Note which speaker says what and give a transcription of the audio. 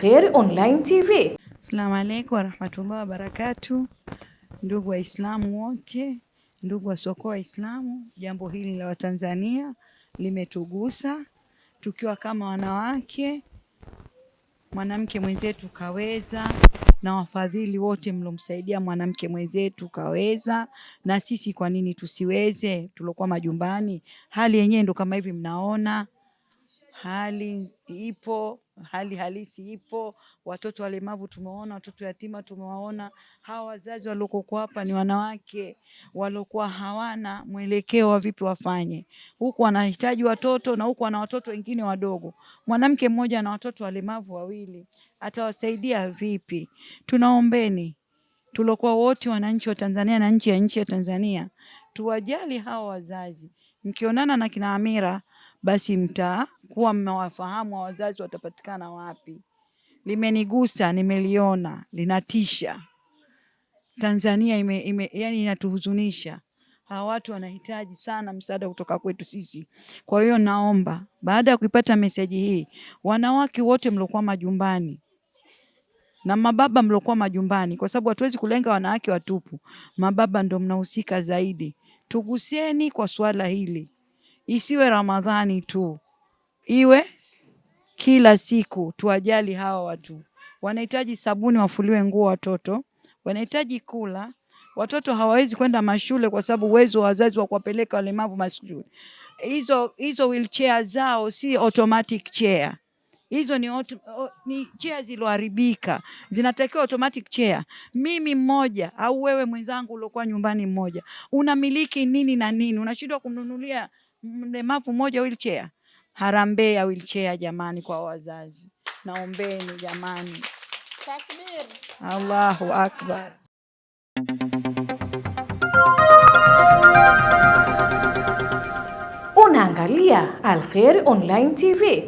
Speaker 1: Dira Online TV. Asalamu alaykum warahmatullahi wabarakatu, ndugu Waislamu wote, ndugu wasoko Waislamu, jambo hili la Watanzania limetugusa tukiwa kama wanawake. Mwanamke mwenzetu kaweza na wafadhili wote mlomsaidia mwanamke mwenzetu kaweza, na sisi kwa nini tusiweze? Tulokuwa majumbani, hali yenyewe ndo kama hivi mnaona hali ipo, hali halisi ipo. Watoto walemavu tumeona, watoto yatima tumewaona. Hawa wazazi waliokuwa hapa ni wanawake waliokuwa hawana mwelekeo wa vipi wafanye, huku wanahitaji watoto na huku wana watoto wengine wadogo. Mwanamke mmoja na watoto walemavu wawili atawasaidia vipi? Tunaombeni tuliokuwa wote wananchi wa Tanzania na nchi ya nchi ya Tanzania tuwajali hawa wazazi mkionana na kina Amira basi mtakuwa mmewafahamu wazazi watapatikana wapi. Limenigusa, nimeliona, linatisha. Tanzania ime, ime, yani inatuhuzunisha. Hawa watu wanahitaji sana msaada kutoka kwetu sisi. Kwa hiyo naomba baada ya kuipata meseji hii, wanawake wote mliokuwa majumbani na mababa mliokuwa majumbani, kwa sababu hatuwezi kulenga wanawake watupu, mababa ndio mnahusika zaidi tugusieni kwa suala hili, isiwe Ramadhani tu, iwe kila siku. Tuwajali hawa watu, wanahitaji sabuni, wafuliwe nguo watoto, wanahitaji kula watoto hawawezi kwenda mashule kwa sababu uwezo wa wazazi wa kuwapeleka walemavu mashule. Hizo hizo wheelchair zao si automatic chair hizo ni, ni chair ziloharibika zinatakiwa automatic chair. Mimi mmoja au wewe mwenzangu uliokuwa nyumbani mmoja, unamiliki nini na nini, unashindwa kumnunulia mlemavu mmoja wheelchair? Harambee ya wheelchair jamani, kwa wazazi naombeni jamani. Takbir! Allahu akbar! Unaangalia Alkheri Online TV.